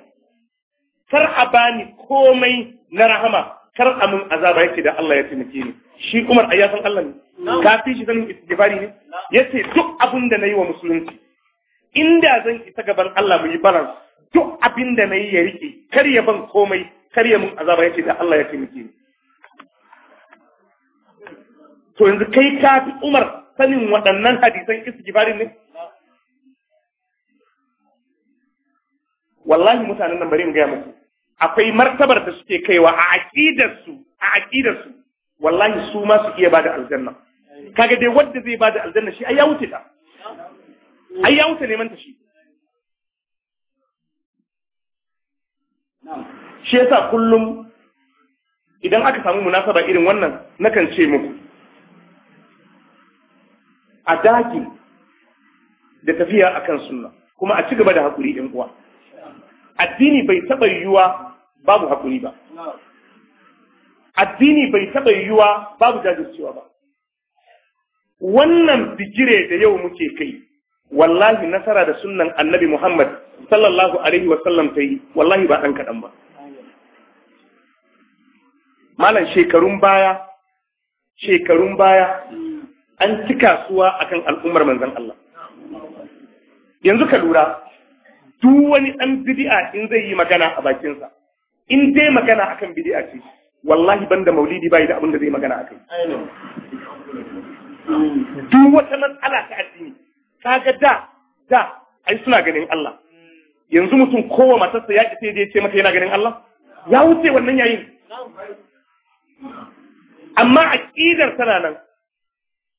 kar a bani komai na rahama kar a min azaba yake da Allah ya taimake ni shi Umar ai san Allah ne ka fi shi sanin istighfari ne yace duk abin da yi wa musulunci inda zan isa gaban Allah mu yi balance duk abin da yi ya rike kar ya ban komai kar ya mun azaba ce da Allah ya ce ni to yanzu kai ka fi Umar sanin waɗannan hadisan istighfarin ne wallahi mutanen nan bari in gaya muku akwai martabar da suke kaiwa a aqidarsu a aqidarsu wallahi su ma su iya bada aljanna kaga dai wanda zai bada aljanna shi ai ya wuce ta ai ya wuce neman ta shi shi yasa kullum idan aka samu munasaba irin wannan nakan ce muku a daki da tafiya akan sunna kuma a ci gaba da hakuri ɗin uwa addini bai taɓa yiwuwa babu hakuri ba addini bai taɓa yiwuwa babu jajircewa ba wannan bigire da yau muke kai wallahi nasara da sunnan annabi Muhammad sallallahu alaihi wa sallam ta yi wallahi ba ɗan kaɗan ba malam shekarun baya shekarun baya an ci kasuwa akan al'ummar manzan Allah yanzu ka lura duk wani ɗan bidi'a in zai yi magana a bakinsa in dai magana akan bidi'a ce wallahi ban da maulidi bayi da abin da zai magana a kai. Duk wata matsala ta addini, ga da, da, ai suna ganin Allah, yanzu mutum kowa matarsa ya sai da ya ce mata yana ganin Allah ya wuce wannan yayin amma aqidar tana nan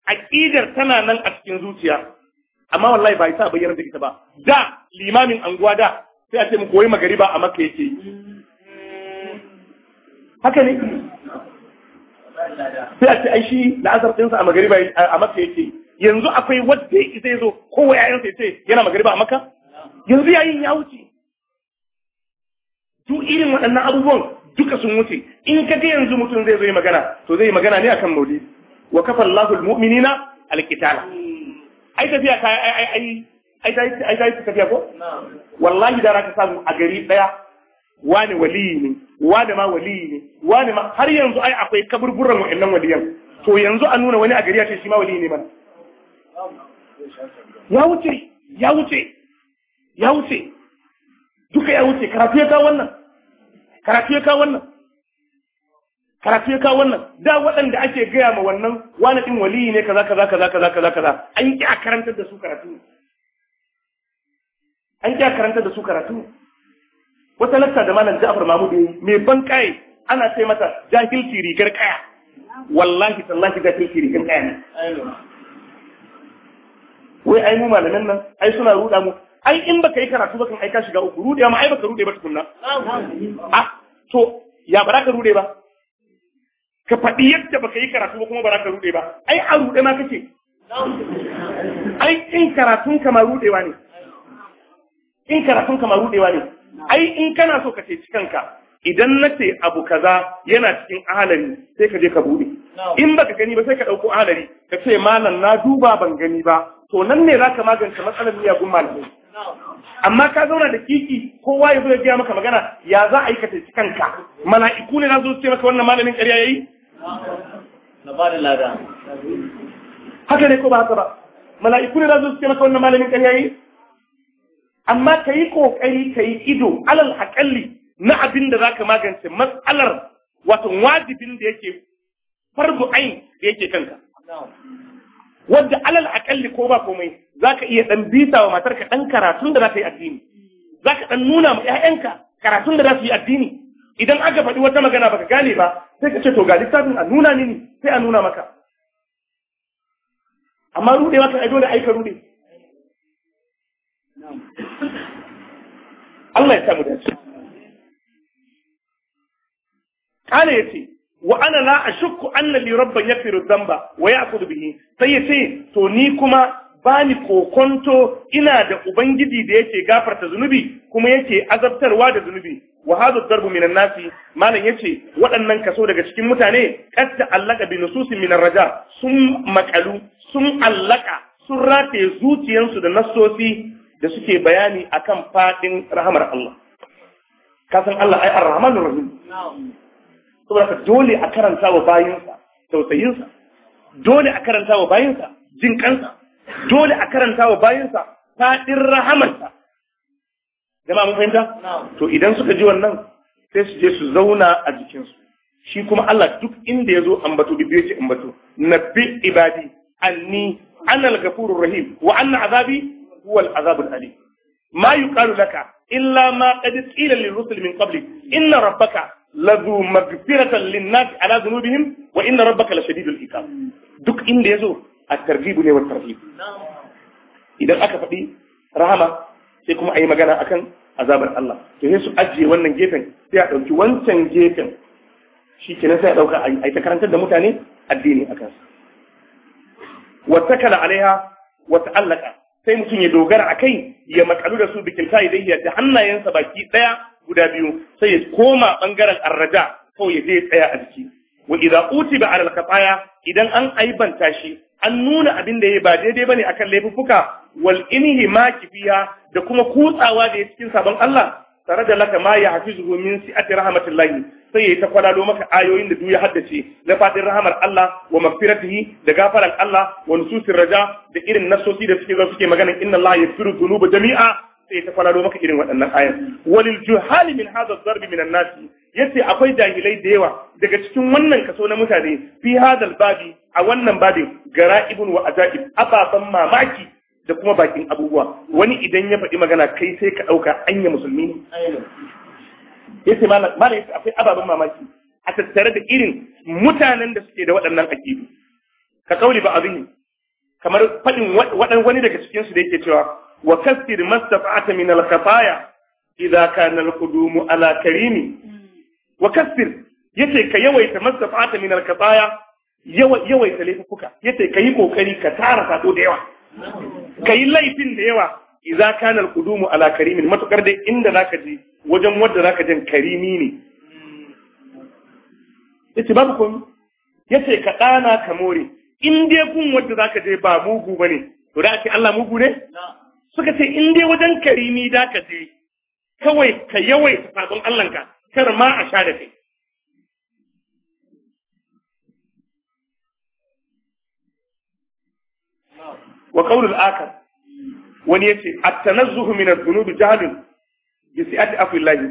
aqidar tana nan a cikin zuciya amma wallahi ba sa bayyana da ita ba da limamin anguwa da sai a ce mu koyi magariba a maka yake haka ne sai a ce ai shi la'azar ɗinsa a magariba a maka yake yanzu akwai wadda zai zo kowa yayansa ya ce yana magariba a maka? yanzu yayin ya wuce duk irin waɗannan abubuwan duka sun wuce in ka ga yanzu mutum zai zo yi magana to zai yi magana ne akan mauli wa kafa Allahu almu'minina alqitala ai tafiya kai ai ai ai ai ai tafiya ko wallahi da ka samu a gari daya wani waliyi ne wani ma waliyi ne wani ma har yanzu ai akwai kaburburan wa'annan waliyan to yanzu an nuna wani a gari ya ce shi ma waliyi ne ba ya wuce ya wuce ya wuce duka ya wuce karatu ya kawo wannan karatu ya kawo wannan karatu ya kawo wannan da waɗanda ake gaya ma wannan wani ɗin waliyi ne kaza kaza kaza kaza kaza kaza an ƙi a karantar da su karatu an ƙi a karantar da su karatu wata lakta da malam Ja'far Mahmud yayi mai ban kai ana sai mata jahilci rigar kaya wallahi tallahi jahilci rigar kaya ne wai ai mu malamin nan ai suna ruda mu ai in baka yi karatu ba kan aika shiga uku rude ma ai baka rude ba tukunna A ah, to ya ba ka rude ba ka faɗi yadda baka yi karatu ba kuma ba ka rude ba ai a rude ma kake ai in karatun ka ma rudewa ne in karatun ka ma rudewa ne ai in kana so ka ceci kanka idan na ce abu kaza yana cikin ahalari sai ka je ka bude in baka gani ba sai ka ɗauko ahalari ka ce malam na duba ban gani ba to nan ne za ka magance matsalar miyagun malamai amma ka zauna da kiki kowa ya zo ya gaya maka magana ya za a yi ka taici kanka mala'iku ne na zo ce maka wannan malamin ƙarya yayi na ba da lada haka ne ko ba haka ba mala'iku ne na zo ce maka wannan malamin ƙarya yi? amma ka yi ƙoƙari ka yi ido alal haƙalli na abin da za ka magance matsalar wato wajibin da yake farbu ain da yake kanka wadda alal haƙalli ko ba komai za ka iya ɗan bisa wa matarka ɗan karatun da za ta yi addini za ka ɗan nuna ma 'ya'yanka karatun da za su yi addini idan aka faɗi wata magana baka gane ba sai ka ce to ga littafin a nuna ne sai a nuna maka amma rude maka aido da aika rude Allah ya samu dace kana yace wa ana la ashukku anna li rabban yaghfiru dhanba wa ya'khudhu bihi sai yace to ni kuma bani kokonto ina da ubangiji da yake gafarta zunubi kuma yake azabtarwa da zunubi wa hadu darbu minan nasi malam yace waɗannan kaso daga cikin mutane katta allaka bi nususin min raja sun makalu sun allaka sun rataye zuciyansu da nasosi da suke bayani akan fadin rahamar Allah kasan Allah ai ar rahim saboda dole a karanta wa bayinsa tausayinsa dole a karanta wa bayinsa jin kansa dole a karanta wa bayansa faɗin rahamarsa jama'a mun fahimta to idan suka ji wannan sai su je su zauna a jikinsu shi kuma Allah duk inda ya zo ambato bi ya ce ambato nabbi ibadi anni ana al-ghafurur rahim wa anna azabi huwa al-azabul alim ma yuqalu laka illa ma qad qila lirrusul min qablik inna rabbaka lazu maghfiratan lin-nas ala dhunubihim wa inna rabbaka lashadidul iqab duk inda ya zo at-targhib ne wa tarhib idan aka faɗi rahama sai kuma ayi magana akan azabar Allah to sai su ajiye wannan gefen sai a ɗauki wancan gefen shi kenan sai a ɗauka a yi ta karantar da mutane addini a kansa wata kala alaiha wata allaka sai mutum ya dogara a kai ya makalu da su bikin ta idayya da hannayensa baki ɗaya guda biyu sai ya koma ɓangaren arraja kawai ya je ya tsaya a jiki wa idza utiba ala alqataya idan an aibanta shi an nuna abin da ya ba daidai bane akan laifuffuka wal inhi ma kifiya da kuma kutsawa da ya cikin sabon Allah tare da laka ma ya hafizu min si'ati rahmatillahi sai ya ta maka ayoyin da duk ya haddace na fadin rahmar Allah wa magfiratihi da gafaran Allah wa nususir raja da irin nasosi da suke ga suke magana inna Allah yaghfiru dhunuba jami'a sai ta falalo maka irin waɗannan ayan walil juhali min hadha ad-darb min an yace akwai jahilai da yawa daga cikin wannan kaso na mutane fi hadha babi a wannan babin gara'ibun wa ajaib ababan mamaki da kuma bakin abubuwa wani idan ya faɗi magana kai sai ka ɗauka anya musulmi ne yace malam akwai ababan mamaki a tattare da irin mutanen da suke da waɗannan akidu ka kauli ba abin kamar faɗin wani daga cikinsu da yake cewa wa kassir mastafa'ata min al-khataya idza kana al-qudumu ala karimi wa kassir yace ka yawaita mastafa'ata min al-khataya yawaita laifuka yace ka yi kokari ka tara sado da yawa ka yi laifin da yawa idza kana al-qudumu ala karimin matukar dai inda zaka je wajen wanda zaka je karimi ne yace babu komai yace ka dana ka more in kun wanda zaka je ba mugu bane to da ake Allah mugu ne suka ce in dai wajen karimi da ka je kawai ka yawaita sabon Allahnka kar ma a sha da kai wa qaulul akar wani ya ce, tanazzuhu min adh-dhunub jahlun bi si'ati afillahi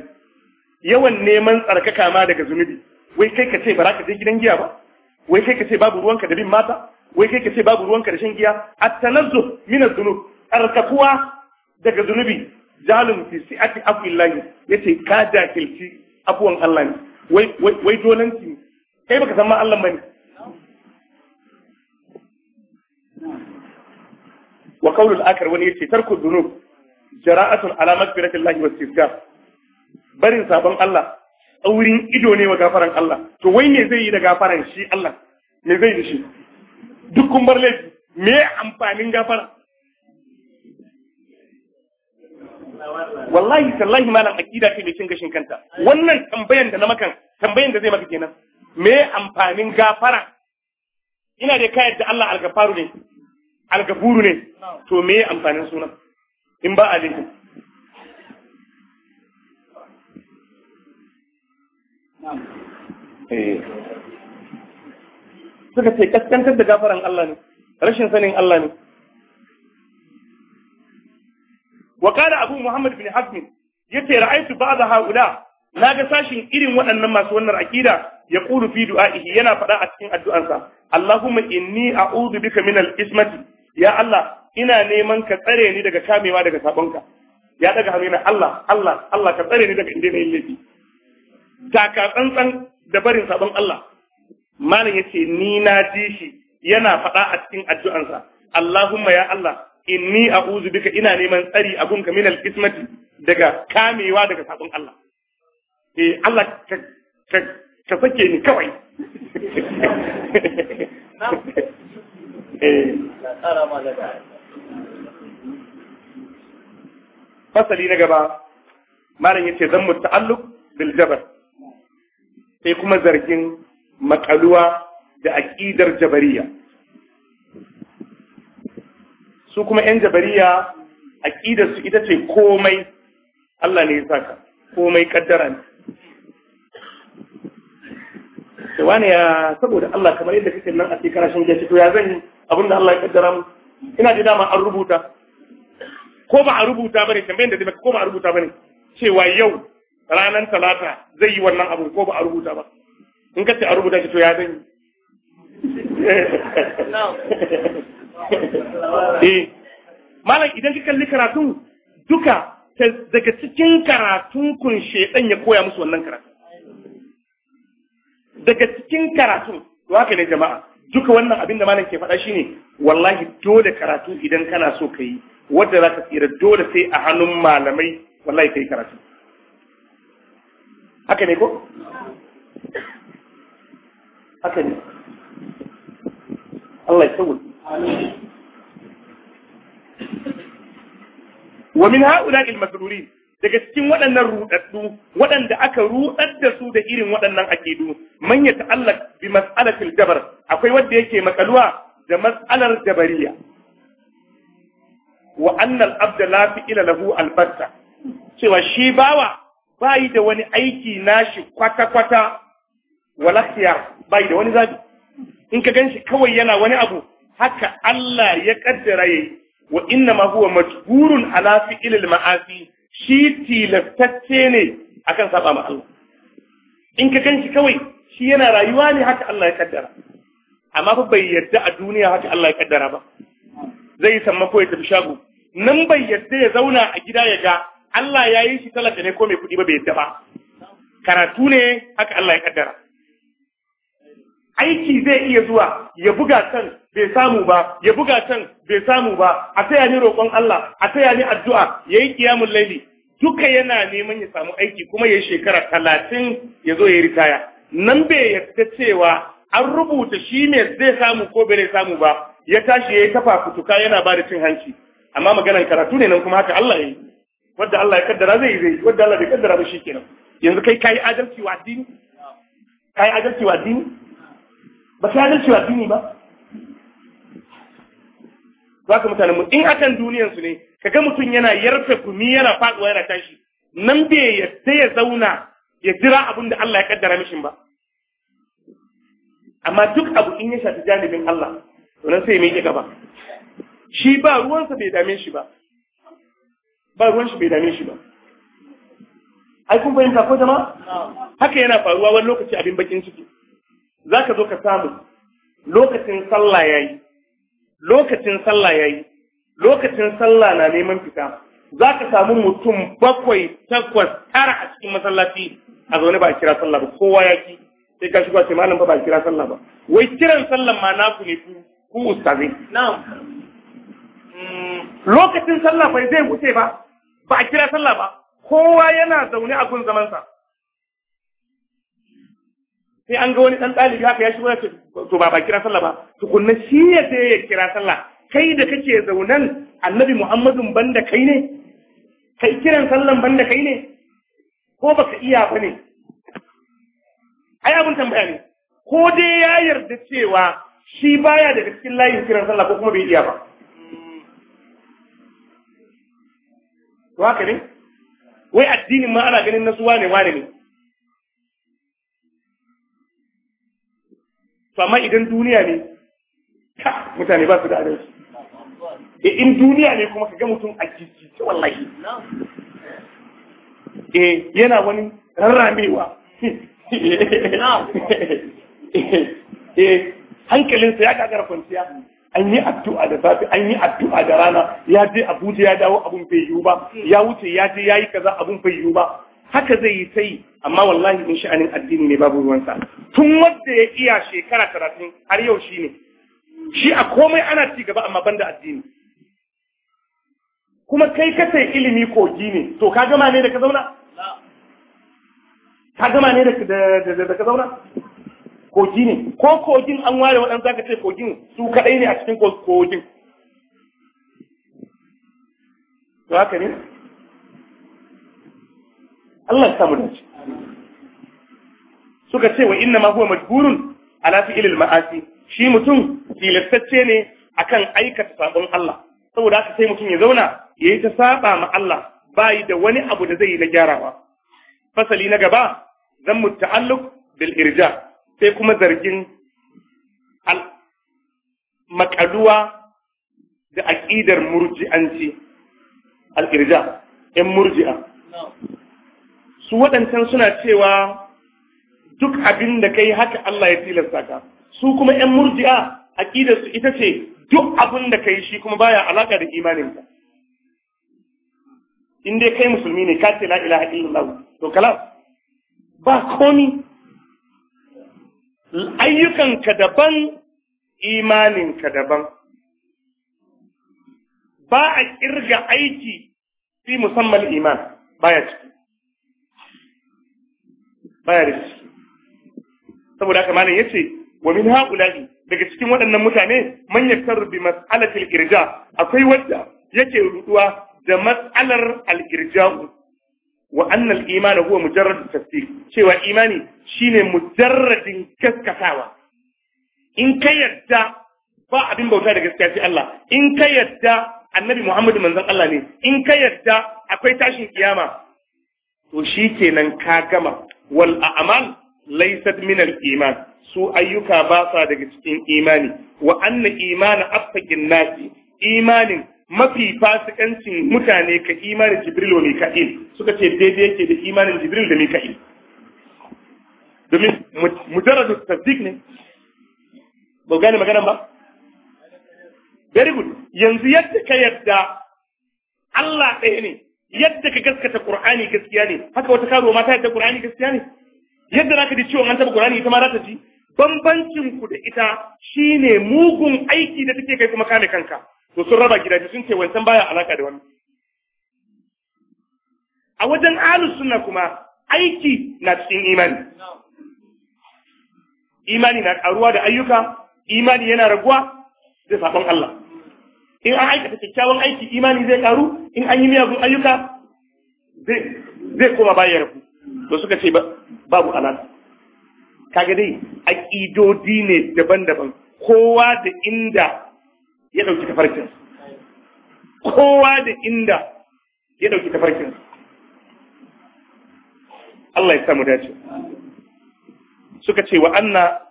yawan neman tsarkaka ma daga zunubi wai kai ka ce ba za ka je gidan giya ba wai kai ka ce babu ruwanka da bin mata wai kai ka ce babu ruwanka da shan giya at-tanazzuh min tsarkakuwa daga zunubi zalun fi si'ati ya yace ka dakilci abuwan Allah ne wai wai dolanci kai baka san ma Allah bane wa qawlul akar wani yace tarku dhunub jara'atun ala wa wastighfar barin sabon Allah aurin ido ne wa gafaran Allah to wai me zai yi da gafaran shi Allah me zai yi shi duk kun bar laifi me amfanin gafara wallahi tallahi malam akida ce mai cin gashin kanta wannan tambayan da na makan tambayan da zai maka kenan me amfanin gafara ina da kayar da Allah algafaru ne algafuru ne to me amfanin sunan in ba a laifin eh. suka ce kaskantar da gafaran Allah ne rashin sanin Allah ne wa da abu muhammad bin hazm yace ra'aytu ba'd haula naga sashin irin waɗannan masu wannan akida ya qulu fi du'a'ihi yana faɗa a cikin addu'ansa allahumma inni a'udhu bika min al-ismati ya allah ina neman ka tsare ni daga kamewa daga sabonka ya daga hannu yana allah allah allah ka tsare ni daga inda na laifi taka tsantsan da barin sabon allah malam yace ni na shi yana faɗa a cikin addu'ansa allahumma ya allah inni a'udhu bika ina neman tsari a gunka minal ismati daga kamewa daga sabon Allah eh Allah ka sake ni kawai eh. fasali na gaba malam ce zan mu ta'alluq bil jabar sai kuma zargin makaluwa da aqidar jabariya su kuma yan jabariya a ƙidarsu ita ce komai Allah ne ya saka komai kaddara ne sai wani ya saboda Allah kamar yadda kake nan a shekara shan gaci to ya zan abin da Allah ya kaddara mu ina ji dama an rubuta ko ba a rubuta ba ne, tambayar da zai ko ba a rubuta ba ne? cewa yau ranar talata zai yi wannan abu ko ba a rubuta ba in ka ce a rubuta shi to ya zan yi eh malam idan ka kalli karatun duka daga cikin karatun kun shaidan ya koya musu wannan karatu daga cikin karatun to haka ne jama'a duka wannan abin da malam ke faɗa shine wallahi dole karatu idan kana so ka yi wadda za ka tsira dole sai a hannun malamai wallahi ka yi karatu haka ne ko haka ne Allah ya sauwa wa min haula al-masrurin daga cikin waɗannan ruɗaɗɗu waɗanda aka ruɗar da su da irin waɗannan aƙidu man ya ta'allaq bi mas'alatil jabar akwai wanda yake makaluwa da mas'alar jabariya wa anna al-abda la ila lahu albatta cewa shi bawa bai da wani aiki nashi kwata kwata wala khiyar bai da wani zabi in ka ganshi kawai yana wani abu haka Allah ya kaddara yi wa inna ma huwa majburun ala fi'il ma'asi shi tilaftacce ne akan saba ma Allah in ka ganshi kawai shi yana rayuwa ne haka Allah ya kaddara amma fa bai yadda a duniya haka Allah ya kaddara ba zai yi ko ya tafi shago nan bai yadda ya zauna a gida ya ga Allah ya yi shi talaka ne ko mai kuɗi ba bai yadda ba karatu ne haka Allah ya kaddara aiki zai iya zuwa ya buga kansa bai samu ba ya buga can bai samu ba a taya ni roƙon Allah a taya ni addu'a yayi kiyamul laili duka yana neman ya samu aiki kuma ya shekara talatin ya zo ya ritaya nan bai yarda cewa an rubuta shi ne zai samu ko bai samu ba ya tashi ya yi kafa kutuka yana ba da cin hanci amma maganar karatu ne nan kuma haka Allah ya yi wadda Allah ya kaddara zai zai wadda Allah bai kaddara ba shikenan yanzu kai kai adalci wa addini kai adalci wa addini ba kai adalci wa addini ba Zaka ka mutane mu in akan su ne kaga mutum yana yarfe gumi yana faduwa yana tashi nan bai yadda ya zauna ya jira abin da Allah ya kaddara mishi ba amma duk abu in ya shafi janibin Allah to nan sai mai gaba shi ba ruwansa bai dame shi ba ba ruwan shi bai dame shi ba ai kun fahimta ko jama'a haka yana faruwa wani lokaci abin bakin ciki zaka zo ka samu lokacin sallah yayi lokacin sallah ya yi, lokacin sallah na neman fita za ka samu mutum bakwai takwas tara a cikin masallaci a zaune ba a kira sallah ba kowa ya ki sai ka shigo ce malam ba ba a kira sallah ba wai kiran sallah ma na ku ne ku ku ustazai hmm, lokacin sallah bai zai wuce ba ba a kira sallah ba kowa yana zaune a gun zamansa sai an ga wani ɗan ɗalibi haka ya shigo to ba ba kira sallah ba tukunna shi ya sai ya kira sallah kai da kake zaunan annabi muhammadun banda kai ne kai kiran sallan banda kai ne ko baka iya ba ne ai abin tambaya ne ko dai ya yarda cewa shi baya daga cikin layin kiran sallah ko kuma bai iya ba to haka ne wai addinin ma ana ganin nasuwa ne wane ne to amma idan duniya ne ta mutane ba su da adalci e in duniya ne kuma ka ga mutum a gigice wallahi e yana wani rarramewa e hankalinsa ya gagara kwanciya an yi addu'a da safe an yi addu'a da rana ya je Abuja ya dawo abun bai ba ya wuce ya je ya yi kaza abun bai ba haka zai yi sai amma wallahi in sha'anin addini ne babu ruwansa tun wanda ya iya shekara talatin har yau shi ne shi a komai ana ci gaba amma banda addini kuma kai ka sai ilimi kogi ne to ka gama ne da ka zauna ka gama ne da ka zauna kogi ne ko kogin an ware za zaka ce kogin su kaɗai ne a cikin kogin to Allah ya samu dace suka ce wa inna ma huwa majburun ala fi'il ma'asi shi mutum tilastacce ne akan aikata sabon Allah saboda haka sai mutum ya zauna yayi ta saba ma Allah yi da wani abu da zai yi na gyarawa fasali na gaba zan ta'alluq bil irja sai kuma zargin al makaluwa da aqidar murji'anci al irja in murji'a su waɗancan suna cewa duk abin da kai haka Allah ya tilasta ka su kuma ƴan murji'a aqidar su ita ce duk abin da kai shi kuma baya alaka da imaninka in dai kai musulmi ne ka ce la ilaha illallah to kalam ba komi ayyukanka daban imaninka daban ba a kirga aiki fi musamman iman baya ciki baya da ciki saboda haka malam yace wa min haula'i daga cikin waɗannan mutane man yaktaru bi mas'alatil irja akwai wanda yake ruɗuwa da mas'alar al-irja'u wa anna al-iman huwa mujarrad tafsir cewa imani shine mujarradin kaskasawa. in ka yadda ba abin bauta da gaskiya sai Allah in ka yadda annabi Muhammadu manzon Allah ne in ka yadda akwai tashin kiyama to shi kenan ka gama wal a'mal laysat min al iman su ayyuka ba sa daga cikin imani wa anna imana afsakin nasi imanin mafi fasikancin mutane ka imanin jibril wa mika'il suka ce daidai yake da imanin jibril da mika'il domin mujarradu tasdiq ne ba gane maganan ba very good yanzu yadda ka yadda Allah ɗaya ne yadda ka gaskata qur'ani gaskiya ne haka wata karo mata ta yadda qur'ani gaskiya ne yadda zaka ji cewa an taba qur'ani ita ma za ta ji bambancin ku da ita shine mugun aiki da take kai kuma kame kanka to sun raba gidaje sun ce wancan baya alaka da wani. a wajen ahlus sunna kuma aiki na cikin imani imani na karuwa da ayyuka imani yana raguwa da sabon Allah in an aikata kyakkyawan aiki imani zai karu in an yi miyagun ayyuka zai koma baya rabu to suka ce babu alaka kaga dai ƙidodi ne daban-daban kowa da inda ya ɗauki tafarkin kowa da inda ya ɗauki tafarkin Allah ya samu dace suka ce wa anna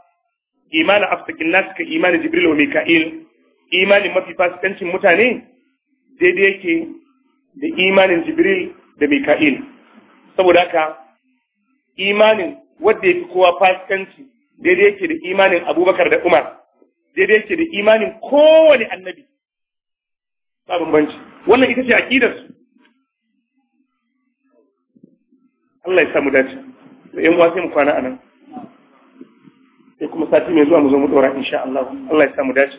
imana afsakin nasu ka imanin jibril wa mika'il imanin mafi fasikancin mutane daidai yake da imanin jibril da mika'il saboda haka imanin wadda ya fi kowa fasikanci daidai yake da imanin abubakar da umar daidai yake da imanin kowane annabi ba bambanci wannan ita ce aqidarsu Allah ya samu dace da yan uwa sai mu kwana anan sai kuma sati mai zuwa mu zo mu ɗora insha Allah Allah ya samu dace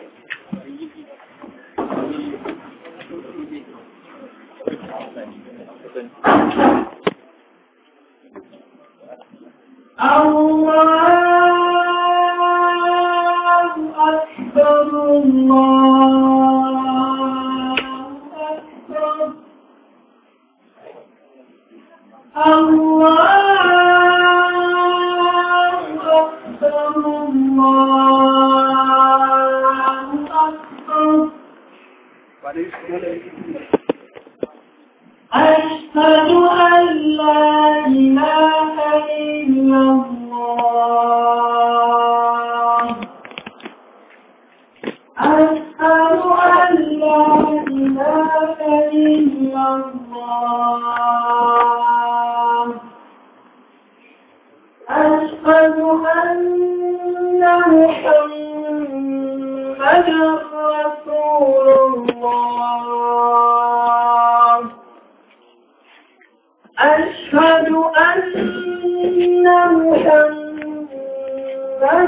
open. Allahu Akbar, Allahu Akbar, Allahu Akbar, Allahu Akbar. What is good? أشهد أن لا إله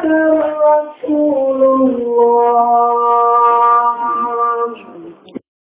فَتَرَى